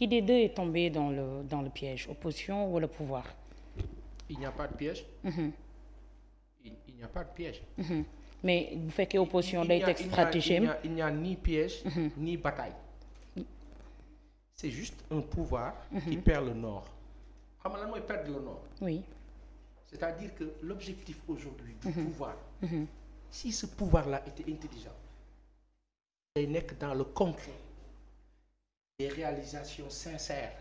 Qui des deux est tombé dans le, dans le piège, opposition ou le pouvoir Il n'y a pas de piège. Mm-hmm. Il, n'y a pas de piège. Mm -hmm. Mais bu fekkee opposition day teg Il n'y a, a, a ni piège. Mm-hmm. ni bataille. C'est juste un pouvoir. Mm-hmm. qui perd le nord. oui. C'est-à-dire que l'objectif aujourd'hui du pouvoir. si ce pouvoir-là était intelligent. day nekk dans le concret. des réalisation sincères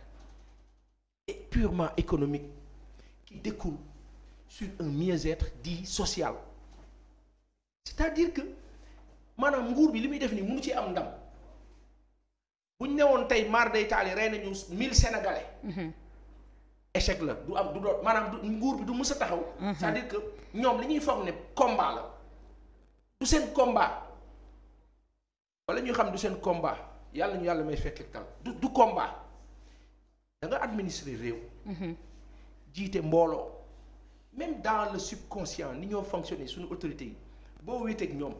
et purement économique qui découlent sur un mieux-être dit social c'est-à-dire que maanaam nguur bi li muy def nii mënu ci am ndam bu ñu newoon tey mar day taali rey nañu mille sénégalais. Mhm. échec la du am du doot maanaam nguur bi du mës a taxaw. Mhm. c'est-à-dire que ñoom li ñuy foog ne combat la du seen combat wala ñu xam du seen combat. yàlla ñu yàlla may fekk tal du du combat da nga administrer réew. Mhm. jiite mbooloo. même dans le subconscient ni ñoo fonctionner suñu autorité yi boo wéeteeg ñoom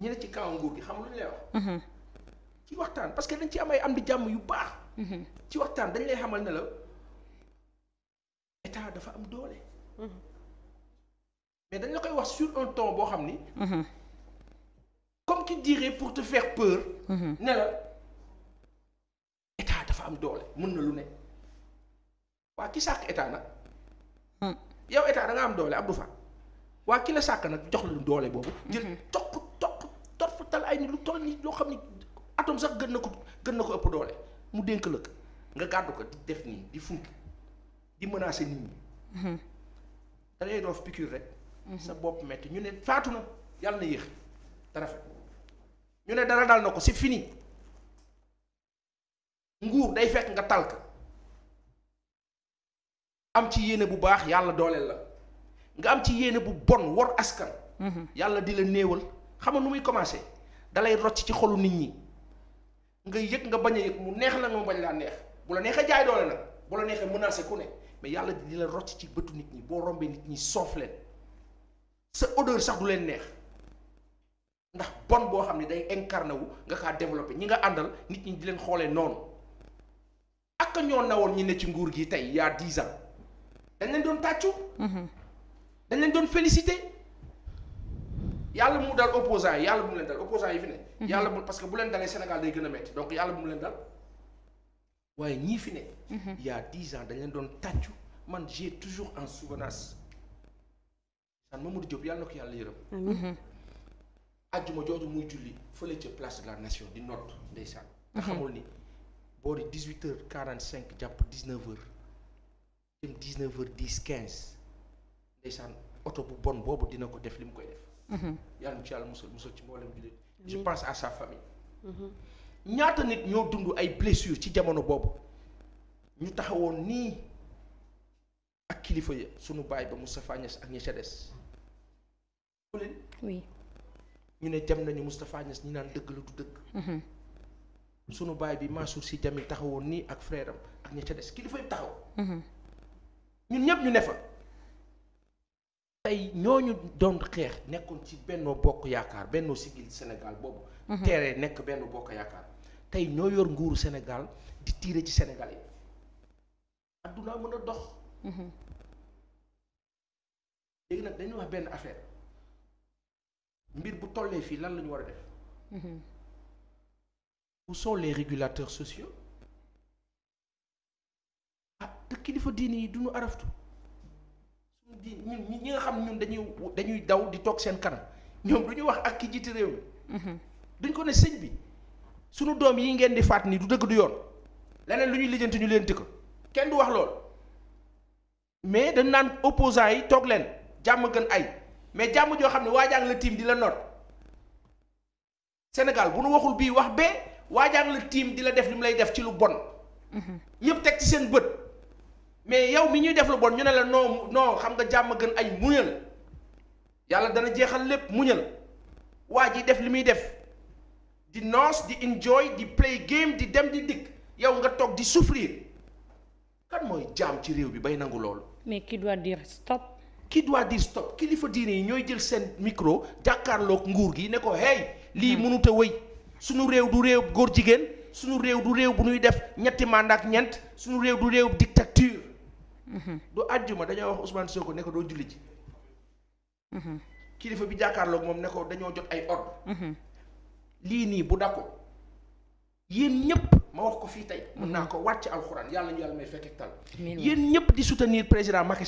ñi ne ci kaw nguur gi xam lu ñu lay wax. Mhm. ci waxtaan parce que dañ ci am ay am di jàmm yu baax. Mhm. ci waxtaan dañ lay xamal ne la état dafa am doole. mais dañ la koy wax sur un ton boo xam ni. qui dirait pour te faire peur. Mm-hmm. ne la dafa am doole mën na lu ne waa ki sàkk état nag. Mm. yow état danga am doole Abdou Fall waa ki la sàkk nag jox la lu doole boobu. Mm-hmm. jël toq toq torf tal ay ni lu toll nii loo xam ni atome sax gën na ko gën na ko ëpp doole mu dénk la nga gàddu ko di def nii di funki di menacer nit ñi. Mm-hmm. da ngay doof rek. sa bopp metti ñu ne faatu na yàlla na yéex te ñu ne dara daal na ko si fini nguur day fekk nga tàlk am ci yéene bu baax yàlla dooleel la nga am ci yéene bu bon war askan mhm. yàlla di la néewal xam nga nu muy commencé dalay rocc ci xolu nit ñi nga yëg nga bañ a yëg mu neex la nga bañ laa neex bu la neexee jaay doole nag bu la neexee menacé ku ne mais yàlla di la rocc ci bëtu nit ñi boo rombee nit ñi soof leen sa odeur sax du leen neex ndax bon boo xam ne day incarné wu nga kaa développé ñi nga àndal nit ñi di leen xoolee noonu ak ñoo nawoon ñi ne ci nguur gi tey y a dix ans dañ leen doon tàccu mhm. dañ leen doon félicité yàlla mu dal opposant yàlla bu mu leen dal opposant yi fi ne mhm. yàlla bu parce que bu leen dalee Sénégal day gën a metti donc yàlla bu mu leen dal waaye ñii fi ne il mhm. y ans dañ leen doon tàccu man j'ai toujours en souvenance san Mamadou Diop yàlla na ko yàlla yërëm ajjuma jooju muy julli fële ca place de la nation di noot ndeysaan. nga mhm. xamul ni boo dix huit heures quarante cinq jàpp dix neuf heures jëm dix neuf heures ndeysaan oto bu bon boobu dina ko def li mu koy def. Mhm. yàlla ci yàlla musal musal ci mboolem jullit. je pense à sa famille. Mhm. ñaata nit ñoo dund ay blessures ci jamono boobu ñu taxawoon nii ak kilifa ya sunu baay ba Moustapha Niass ak ña ca des. oui. ñu ne dem nañu Moustapha Niass ñu naan dëgg la du dëgg. Mhm. sunu baay bi Mansour si Djamil taxawoon nii ak frère am ak ña ca des kilifa yi taxaw. Mhm. ñun ñëpp ñu ne fa. tey ñooñu doon xeex nekkoon ci Benno Bokk Yaakaar Benno Siggil senegal boobu. Mhm. teeree nekk benn Bokk Yaakaar tey ñoo yor nguuru Sénégal di tiire ci senegal yi. adduna mën a dox. léegi nag dañuy wax benn affaire. mbir bu tollee fii lan lañu ñu war a def. Mhm. où sont les régulateurs sociaux. ah te kilifa diini yi du ñu araftu. suñu diin ñun ñi nga xam ñun dañuy dañuy daw di toog seen kanam ñoom lu ñu wax ak ki jiite réew mi. Mhm. duñ ko ne sëñ bi sunu doom yi ngeen di faat ni du dëgg du yoon. leneen lu ñuy lijjanti ñu leen tëkk kenn du wax lool mais dañ naan opposants yi toog leen jàmm gën ay. mais jàmm joo xam ne waajaa ngi la tiim di la noot Sénégal bu nu waxul bii wax bee waajaa la tiim di la def li mu lay def ci lu bon. ñëpp mm-hmm. teg ci seen bët. mais yow mi ñuy def lu bon ñu ne la noo noo xam nga jàmm gën ay muñal yàlla dana jeexal lépp muñal waa ji def li muy def di noos di enjoy di play game di dem di dikk yow nga toog di souffrir kan mooy jaam ci réew bi bay nangu loolu. mais qui doit dire qui doit dire stop kilifa diir yi ñooy jël seen micro jàkkaarloog nguur gi ne ko hey. lii hmm. mënut a wëy suñu réew du réew góor jigéen suñu réew du réew bu ñuy def ñetti mandat ak ñeent suñu réew du réew dictature. Hmm. du àjjuma dañoo wax Ousmane Sonko ne ko doo julli ji. Hmm. kilifa bi jàkkaarlook moom ne ko dañoo jot ay ordre lii nii bu dako yéen ñëpp ma wax ko fii tey. mun naa ko wàcc alxuraan yàlla ñu yàlla may fekk tal. yéen ñëpp di soutenir président Macky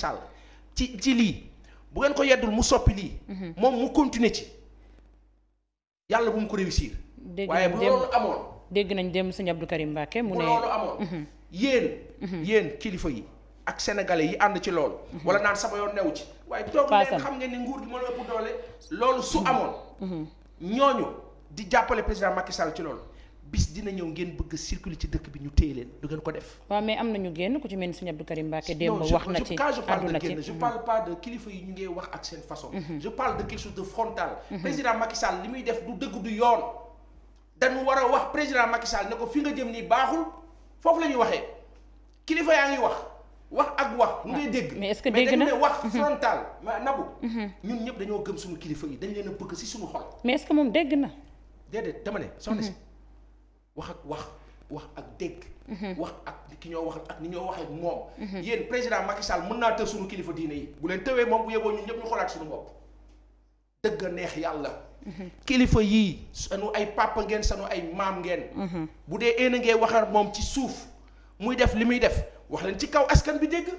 ci ci lii bu ngeen ko yeddul mu soppi lii. Mhm. moom mu continuer ci yàlla bu mu ko réussir. waaye dégg nañ dem sëñ Abdou Karim Mbacké mu ne bu mhm. yéen. Mhm. yéen kilifa yi ak sénégalais yi ànd ci loolu. wala naan sama yoon new ci. waaye toog leen xam ngeen ni nguur gi mën a ëpp doole. loolu su amoon. ñooñu di jàppale président Macky Sall ci loolu. bis dina ñëw ngeen bëgg circuler ci dëkk bi ñu téye leen du ngeen ko def. waaw mais am na ñu génn ku ci mel ni Serigne Abdou Karim Mbacké démb wax na ci je parle mm-hmm. de kilifa yi ñu ngi wax ak seen façon. Mm-hmm. je parle de quelque de frontal. Mm-hmm. président Macky li muy def du dëgg du yoon. dañu war a wax président Macky Sall ne ko fi nga jëm nii baaxul foofu la ñuy waxee kilifa yaa ngi wax. wax ak wax mu ngay ah, dégg mais est-ce que dégg na wax frontal ma nabu ñëpp dañoo gëm suñu kilifa yi dañ leen a si suñu xol mais est moom dégg na déedéet dama ne si wax ak wax wax ak dégg. Mhm. wax ak ki ñoo wax ak ni ñoo waxee moom. Mhm. yéen président Macky Sall mën naa tëw suñu kilifa diine yi. bu leen tëwee moom bu yeboo ñun ñëpp ñu xoolaat suñu bopp. dëgg neex yàlla. Mhm. kilifa yii sanu ay papa ngeen sanu ay maam ngeen. bu dee een ngee waxar moom ci suuf muy def li muy def wax leen ci kaw askan bi dégg.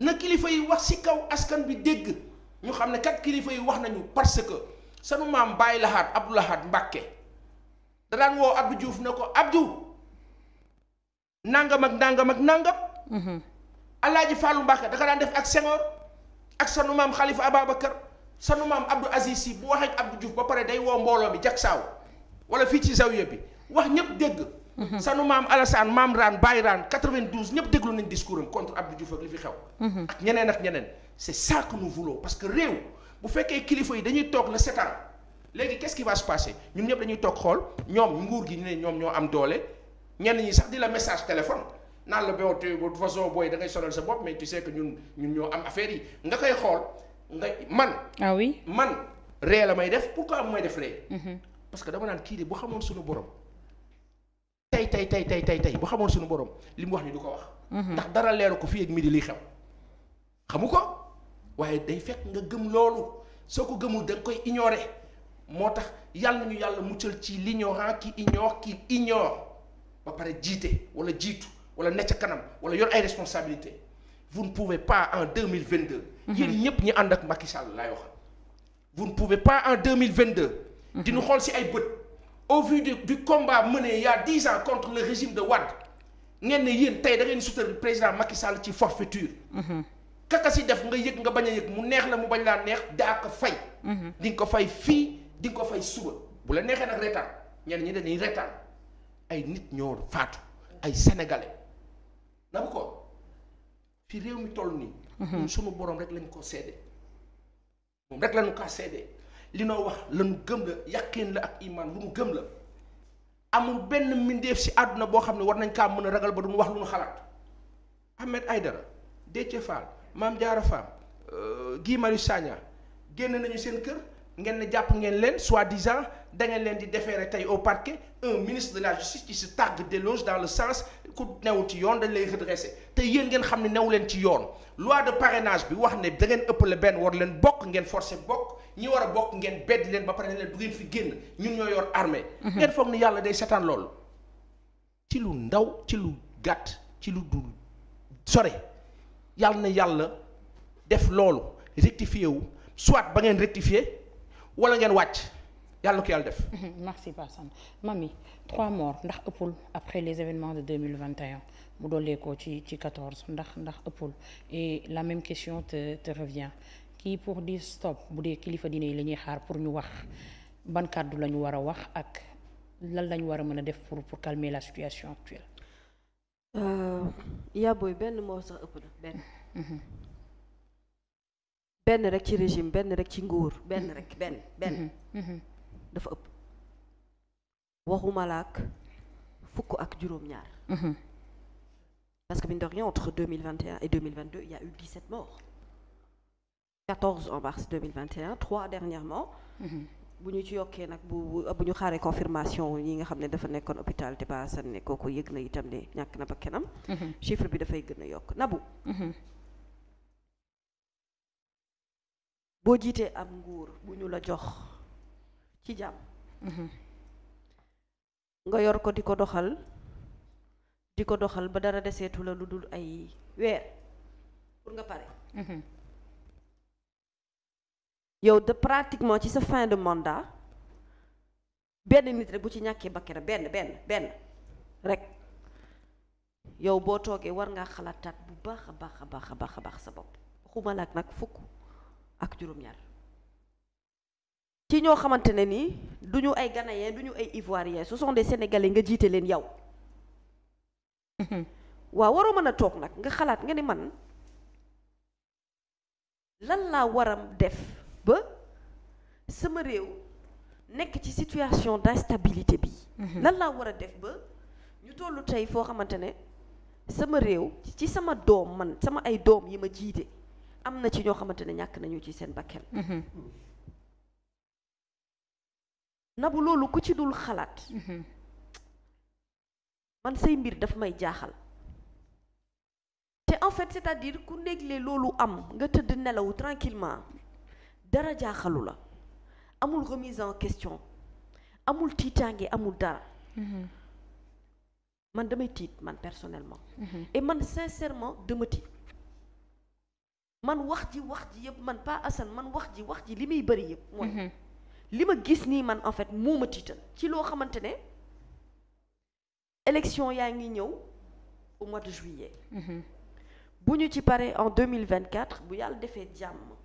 na kilifa yi wax si kaw askan bi dégg ñu xam ne kat kilifa yi wax nañu parce que sanu maam Baye Lahat Abdou Lahat Mbacke. da daan woo Abdou Diouf na ko Abdou nangam ak nangam ak nangam. Mhm. Alaaji Fallou Mbacke da ko daan def ak Senghor ak sanu maam xalifa Khalifa Ababacar sanu maam Abdou Aziz Sy bu waxee ak Abdou Diouf ba pare day woo mbooloo bi jak saaw wala fii ci zawiya bi wax ñëpp dégg. Mhm. sanu maam Alassane maam Raan Baye Raan 92 ñëpp déglu nañ discours am contre Abdou Diouf ak li fi xew. Mhm. ak ñeneen ak ñeneen c'est ça que nous parce que réew bu fekkee kilifa yi dañuy toog la seetaan. léegi qu'est-ce qui va se ñun ñëpp dañuy toog xool ñoom nguur gi ñu ne ñoom ñoo am doole ñenn ñi sax di message téléphone naan la boo de toute façon booy da ngay sa bopp mais tu sais ñun ñun ñoo am affaire yi nga koy xool nga man. ah man ree la may def pourquoi mooy def ree. Mhm. parce que dama naan kii de bu xamoon suñu borom. tey tey tey tey tey tey bu xamoon suñu borom li mu wax ni du ko wax. Mhm. ndax dara leeru ko fii ak di li xew. xamu ko waaye day fekk nga gëm loolu soo ko gëmul da nga koy ignorer. moo tax yàlla ñu yàlla muccal ci l'ignorant qui ignore qui ignore ba pare jiite wala jiitu wala ne kanam wala yor ay responsabilités vous ne pas en deux mille vingt deux. Mhm. yéen ñëpp ñi ànd ak Macky Sall laay wax. vous ne pouvez pas en deux mille vingt deux. Mhm. dinu xool si ay bët. au vu du du combat mené il y a dix ans contre le régime de Wade ngeen ne yéen tey da ngeen soutenir président Macky Sall ci forfaiture. Mhm. kaka def nga yëg nga bañ a yëg mu neex la mu bañ laa neex di nga ko di ko fay suba bu la neexee nag reetaan ñenn ñi dañuy reetaan ay nit ñoo faatu ay sénégalais na ko fi réew mi toll nii. Mhm. ñun sunu borom rek lañ ko seede moom rek lañu kaa seede li noo wax lañu gëm la yaqin la ak iman lu nu gëm la amul benn mbindeef si àdduna boo xam ne war nañ kaa mën a ragal ba mu wax lu nu xalaat Ahmed Aïdara Déthié Fall Mame Diarra Fam euh, Guy génn nañu seen kër ngeen ne jàpp ngeen leen soi-disant da ngeen leen di déférer tey au parquet un ministre de la justice qui se targue d'éloges dans le sens ku newul ci yoon dañ lay redresser te yéen ngeen xam ne new leen ci yoon loi de parrainage bi wax ne da ëpp ëppale benn war leen bokk ngeen forcé bokk ñi war a bokk ngeen beddi leen ba pare ne leen ngeen fi génn ñun ñoo yor armée mhm. ngeen foog ni yàlla day seetaan loolu ci lu ndaw ci lu gàtt ci lu du sore yàlla na yàlla def loolu rectifié wu soit ba ngeen rectifié wala ngeen wàcc yàlla ko yàlla def. merci Passane mami trois morts ndax ëppul après les événements de mille vingt et mu dolleekoo ci ci quatorze ndax ndax ëppul et la même question te revient kii pour dire stop bu dee kilifa diine yi la ñuy xaar pour ñu wax ban kàddu lañu ñu war a wax ak lan la ñu war a mën a def pour pour calmer la situation actuelle. Euh, yaa benn moo sax ëpp na benn. Mhm. benn rek ci régime benn rek ci nguur benn rek benn benn mhm, mhm. dafa ëpp waxuma fukk ak juróom-ñaar mhm. parce que mine de rien entre 2021 et 2022 il y a eu 17 morts 14 en mars 2021 dernièrement bu ñu ci yokkee nag bu bu ñu xaaree confirmation yi nga xam ne dafa nekkoon hôpital te ba san ne yëg na itam ne ñàkk na ba kenam chiffre bi dafay gën a yokk nabu boo jiitee am nguur bu ñu la jox ci jàmm mm-hmm. nga yor ko di ko doxal di ko doxal ba dara deseetu la lu dul ay weer pour nga pare mm-hmm. yow de pratiquement ci sa fin de mandat benn nit rek bu ci ñàkkee bakkanam benn benn benn rek yow boo toogee war ngaa xalaataat bu baax a baax a baax a baax a baax sa bopp xuma laak nag fukk ak juróom-ñaar ci ñoo xamante ne nii du ay ghanéen du ñu ay ivoirien ce sont des sénégalais nga jiite leen yow. waaw waroo mën a toog nag nga xalaat nga ni man lan laa waram def ba sama réew nekk ci situation d'instabilité bi. Mhm. lan laa war a def ba ñu tollu tey foo xamante ne sama réew ci sama doom man sama ay doom yi ma jiite. am na ci ñoo xamante ne ñàkk nañu ci seen bakkan mm-hmm. nabu loolu ku ci dul xalaat mm-hmm. man say mbir daf may jaaxal te en fait cest à ku néegle loolu am nga tëdd nelaw tranquillement dara jaaxalu la amul remise en question amul tiitaange amul dara mm-hmm. man damay tiit man personnellement et man sincèrement dama tiit man wax ji wax ji yëpp man pas Assane man wax ji wax ji li muy bëri yëpp mooy mhm. li ma gis nii man en fait moo tiital ci loo xamante ne élection yaa ngi ñëw au mois de juillet mhm. bu ñu ci paree en 2024 bu yàlla defee jàmm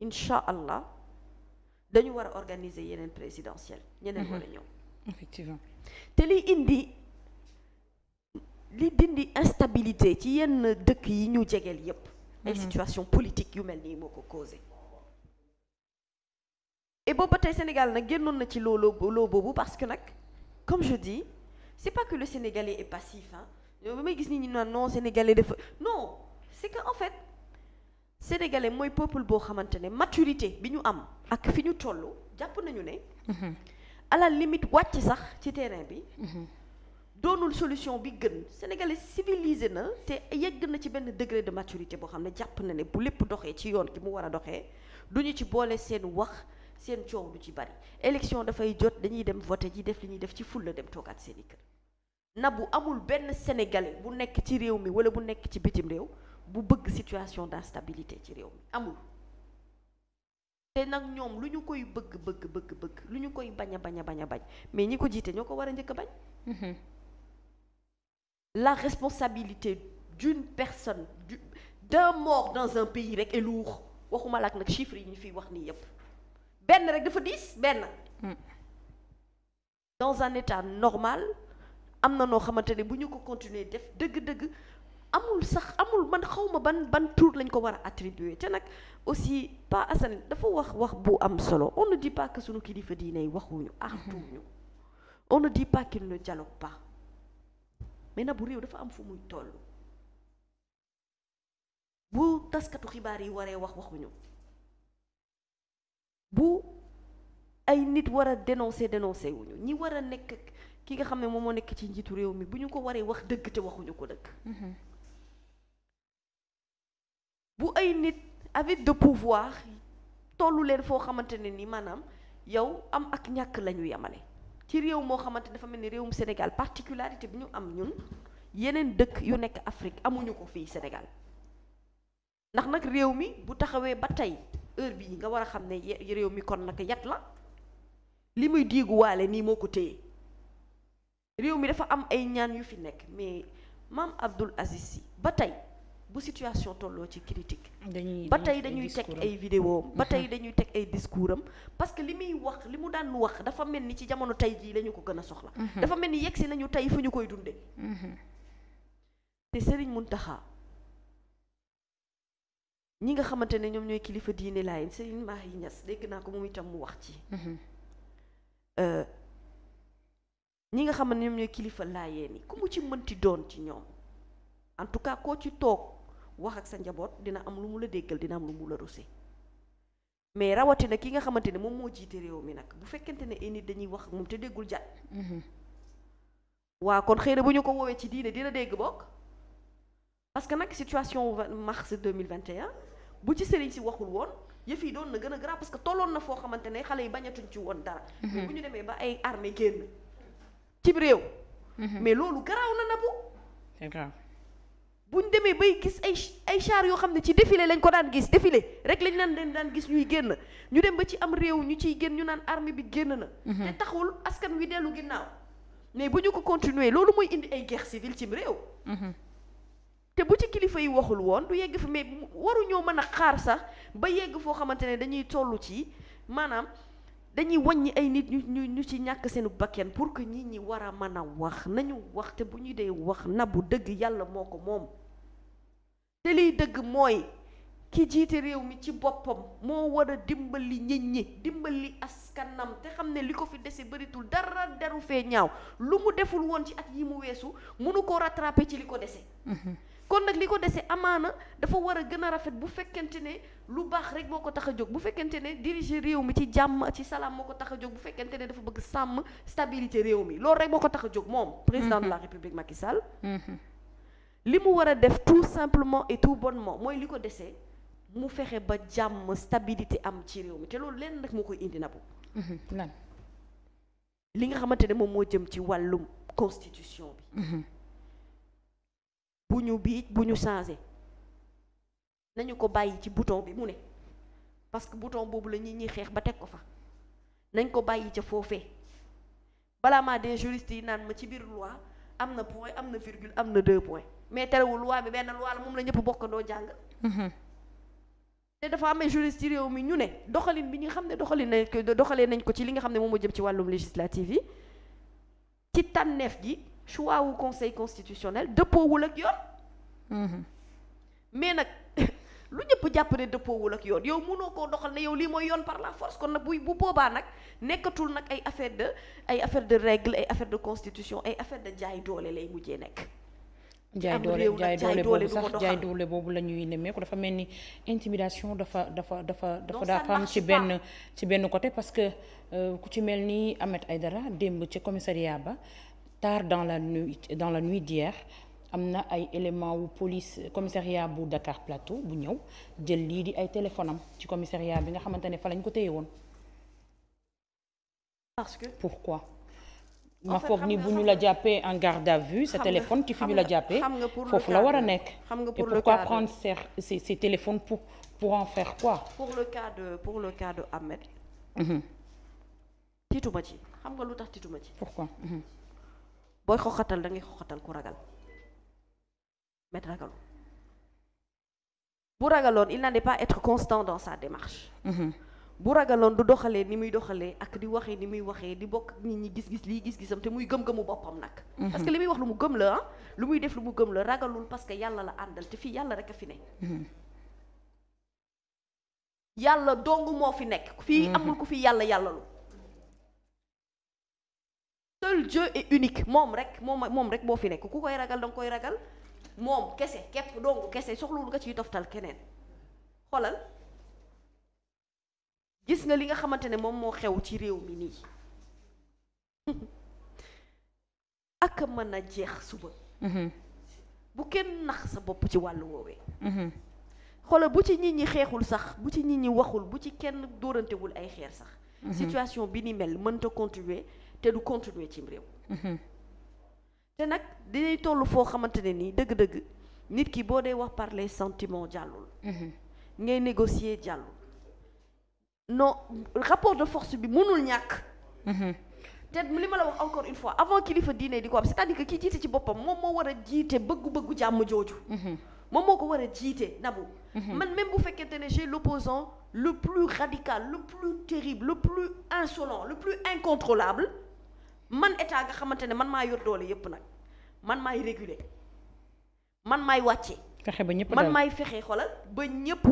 incha allah dañu war a organiser yeneen présidentielle ñeneen war a mhm. ñëw effectivement te liy indi li dindi instabilité ci yenn dëkk yi ñu jegeel yépp ay mhm. situation politique yu mel nii moo ko causé et boobu ba tey Sénégal nag génnoon na ci loo loo boobu parce que nag comme je dis c'est pas que le Sénégalais est passif ah yow may gis nit ñi naan non Sénégalais dafa non c'est que en fait Sénégalais mooy peuple boo xamante ne maturité bi ñu am ak fi ñu toll jàpp nañu ne mhm. à la limite wàcc sax ci terrain bi mhm. doonul solution bi gën sénégalais civilisé na te yegg na ci benn degré de maturité boo xam ne jàpp na ne bu lépp doxee ci yoon ki mu war a doxee du ñu ci boole seen wax seen coow du ci bari élection dafay jot dañuy dem voté ji def li ñuy def ci fulla dem toogaat seen i kër na bu amul benn sénégalais bu nekk ci réew mi wala bu nekk ci bitim réew bu bëgg situation d'instabilité ci réew mi amul te nag ñoom lu ñu koy bëgg bëgg bëgg lu ñu koy bañ a bañ a bañ bañ mais ñi ko jiite ñoo ko war a njëkk a bañ mm-hmm. la responsabilité d'une personne du d'un mort dans un pays rek est waxuma laak nag chiffres yi ñu fiy wax nii yépp benn rek dafa diis benn hmm. dans un état normal am na noo xamante ne bu ñu ko continuer def dëgg-dëgg amul sax amul man xawma ban ban tour lañ ko war a attribuer te nag aussi pas Assane dafa wax wax bu am solo on ne dit pas sunu kilifa diine yi waxuñu artuñu hmm. on ne dit pas qu'il mais bu réew dafa am fu muy toll bu taskatu xibaar yi waree wax waxuñu bu ay nit war a dénoncer dénoncer wuñu ñi war a nekk ki nga xam ne moom moo nekk ci njiitu réew mi bu ñu ko waree wax dëgg te waxuñu ko dëgg mm-hmm. bu ay nit avec de pouvoir tollu leen foo xamante ne ni maanaam yow am ak ñàkk lañu yemale ci réew moo xamante dafa mel ni réewum Sénégal particularité bi ñu am ñun yeneen dëkk yu nekk Afrique amuñu ko fii Sénégal ndax nag réew mi bu taxawee ba tey heure bi bii nga war a xam ne réew mi kon nag yat la li muy diiguwaale nii moo ko téye réew mi dafa am ay ñaan yu fi nekk mais maam Abdoul Aziz Sy ba tey bu situation tolloo ci critique ba tey dañuy teg ay vidéo ba tey dañuy teg ay discours am parce que li muy wax li mu daan wax dafa mel ni ci jamono tey jii la ko gën a soxla mhm. dafa mel ni yegsi nañu tey fu ñu koy dunde mhm. te sëriñ mun Mountakha ñi nga xamante ne ñoom ñooy kilifa diine laay Serigne Mahi Niass dégg naa ko moom itam mu wax ci mhm. euh, ñi nga xam ne ñoom ñooy kilifa laayeen mu ci mënti doon ci ñoom en tout koo ci toog wax ak sa njaboot dina am lu mu la déggal dina am lu mu la rusé mais rawatina ki nga xamante ne moom moo jiite réew mi nag bu fekkente ne ay dañuy wax moom te déggul jàll. Mm-hmm. waa kon xëy na bu ñu ko woowee ci diine dina dégg bokk parce que nag situation mars 2021 bu ci sëriñ si waxul woon yëf yi doon na gën a grave parce que tolloon na foo xamante ne xale yi bañatuñ ci woon dara. Mm-hmm. ñu demee ba ay armée génn cib réew. Mm-hmm. mais loolu garaaw na nabu. bu ñu demee bay gis ay ay char yoo xam ne ci défilé lañ ko daan gis défilé rek lañ naan leen daan gis ñuy génn ñu dem ba ci am réew ñu ciy génn ñu naan armée bi génn na. Mhm. te taxul askan wi dellu ginnaaw. mais bu ñu ko continuer loolu mooy indi ay guerre ci cim réew. Mhm. te bu ci kilifa yi waxul woon du yegg fi mais waruñoo mën a xaar sax ba yegg foo xamante ne dañuy tollu ci maanaam dañuy wañ ñi ay nit ñu ñu ñu ci ñàkk seenu bakken pour que ñii ñi war a mën a wax nañu wax bu ñu dee wax nabu dëgg yàlla moo ko moom. te liy dëgg mooy ki jiite réew mi ci boppam moo war a dimbali nit ñi dimbali askanam te xam ne li ko fi dese bëritul dara deru fee ñaaw lu mu deful woon ci at yi mu weesu mënu ko rattraper ci li ko dese mm-hmm. kon nag li ko dese amaana dafa war a gën a rafet bu fekkente ne lu baax rek moo ko tax a jóg bu fekkente ne diriger réew mi ci jàmm ci salaam moo ko tax a jóg bu fekkente ne dafa bëgg sàmm stabilité réew mi loolu rek moo ko tax a jóg moom président mm-hmm. de la république Sall mm-hmm. li mu war a def tout simplement et tout bonnement mooy li ko desee mu fexe ba jàmm stabilité am ci réew mi te loolu leen rek moo koy indi na bu mhm. lan li nga xamante ne moom moo jëm ci wàllum constitution bi mhm. bu ñu biij bu ñu changé nañu ko bàyyi ci bouton bi mu ne parce que bouton boobu la ñi ñuy xeex ba teg ko fa nañ ko bàyyi ca foofee balaa maa des juristes yi naan ma ci biir loi am na point am na virgule am na deux points mais terewul loi bi benn loi moom la ñëpp bokkandoo jàng. Mhm. te dafa amee juriste ci réew mi ñu ne doxalin bi ñu xam ne doxalin nañ ko doxalee nañ ko ci li nga xam ne moom moo jëm ci wàllum législative yi ci tànneef gi choix wu conseil constitutionnel dëppoowul ak yoon. Mhm. mais nag lu ñëpp jàpp ne dëppoowul ak yoon yow mënoo koo doxal ne yow lii mooy yoon par la force kon nag bu bu boobaa nag nekkatul nag ay affaire de ay affaire de règle ay affaire de constitution ay affaire de jaay doole lay mujjee nekk. jaay doole jaay doole boobu sax jaay doole boobu la ñuy nemmeeku dafa mel ni intimidation dafa dafa dafa dafa dafa ci benn côté parce que euh, ku ci mel ni ay dara démb ci commissariat ba tard dans la nuit dans la nuit d'hier am na ay éléments wu police commissariat bu Dakar Plateau bu ñëw jël lii di ay téléphone am ci commissariat bi nga xamante ne fa lañ ko téye woon. que pourquoi. ma foog ni bu ñu la jàppee en garde à vue sa téléphone ci fi ñu la jàppee foofu la war a nekk et pourquoi prendre ces ces téléphones pour pour en faire quoi pour le cas mhm. tiituma ci xam nga lu tax tiituma ci pourquoi mhm. booy xoxatal da ngay ku ragal met ragalu bu ragaloon il n'allait pas être constant dans sa démarche mhm. bu ragaloon du doxalee ni muy doxalee ak di waxee ni muy waxee di bokk nit ñi gis-gis lii gis-gisam te muy gëm-gëmu boppam nag. Mhm. parce que li muy wax lu mu gëm la ah, lu muy def lu mu gëm la ragalul parce que yàlla la àndal te fii yàlla rek a fi ne. Mhm. yàlla dong moo fi nekk. fii mhm. amul ku fi yàlla yàlla lu. seul Dieu unique moom rek moom moom rek moo fi nekk ku koy ragal danga koy ragal moom kese képp dong kese soxlu nga ciy doftal keneen xoolal. gis nga li nga xamante ne moom moo xew ci réew mi nii ak mën a jeex suba mhm. bu kenn nax sa bopp ci wàllu woowee mhm. xoolal bu ci nit ñi xeexul sax bu ci nit ñi waxul bu ci kenn dóorantewul ay xeer sax mhm. situation bi ni mel mënta continuer te du continuer cim réew te nag dinay toll foo xamante ne nii dëgg-dëgg nit ki boo dee wax par les sentiments jàllul ngay négocier jàllul non rapport de force bi mënul ñàkk mhm. te li ma la wax encore une fois avant kilifa diine di ko am c'est-à-dire que kii jiite ci boppam moom moo war a jiite bëggu-bëggu jàmm jooju mhm. moom moo ko war a jiite nabu mhm. man même bu fekkente ne j'ai l'opposant le plus radical le plus terrible le plus insolent le plus incontrôlable man état nga xamante ne man maa yor doole yépp nag man maay réguler man maay wàcce fexe ba ñëpp man maay fexe xolal ba ñëpp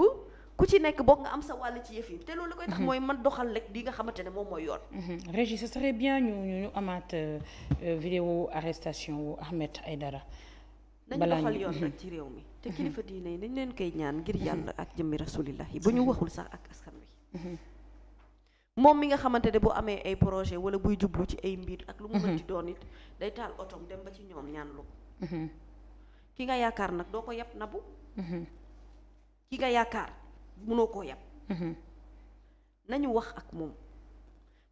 bu ci nekk bokk nga am sa wàll ci yëf yi te loolu koy tax mhm. mooy man doxal rek li nga xamante ne moom mooy yoon. Mhm. Régis ce serait bien ñu ñu amaat euh, euh, vidéo arrestation wu Ahmed Aïdara. nañ doxal yoon mhm. rek ci réew mi. te kilifa diine yi nañ leen koy ñaan ngir yàlla ak jëmmi rasulillah yi bu ñu waxul sax ak askan wi. moom mi nga xamante ne bu amee ay projet wala buy jublu ci ay mbir ak lu mu mën ci doon it dem ba ci ñoom ñaan lu ki nga yaakaar nag doo ko na nabu. ki nga yaakaar. mënoo koo yab mm-hmm. nañu wax ak moom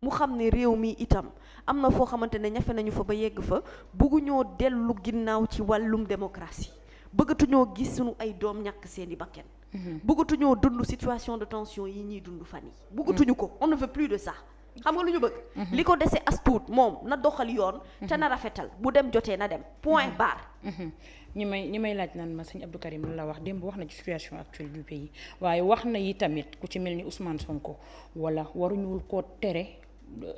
mu xam ne réew mii itam am na foo xamante ne ñafe nañu fa ba yegg fa bëgguñoo dellu ginnaaw ci wàllum démocratie bëggatuñoo gis suñu ay doom ñàkk seeni bakken mm-hmm. bëggatuñoo dund situation de tension yi ñuy dund fan yi bëggatuñu mm-hmm. ko on ne veut plus de ça xam nga lu ñu bëgg. Mhm. li ko dese as tuut moom na doxal yoon. Mhm. te na rafetal bu dem jotee na dem point mhm. barre. ñi may ñi may laaj naan ma sëñ Abdou Karim la wax démb wax na ci situation actuelle du pays na yi tamit ku ci mel ni Ousmane Sonko wala waruñu koo tere.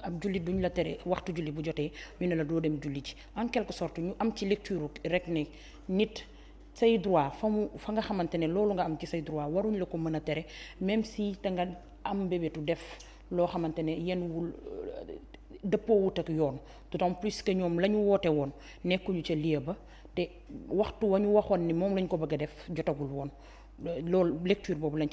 ab jullit duñ la tere waxtu julli bu jotee ñu ne la doo dem julli ci en quelque sorte ñu am ci lecture rek ne nit say droit fa mu fa nga xamante ne loolu nga am ci say droit waruñ la ko mën a tere même si da nga am mbébétu def loo xamante ne yenn wul euh, dëppoowut ak yoon d'autant plus que ñoom la ñu woote woon nekkuñu ca lieu ba te waxtu wa ñu waxoon ni moom lañ ko bëgg a def jotagul woon euh, loolu lecture boobu lañ ci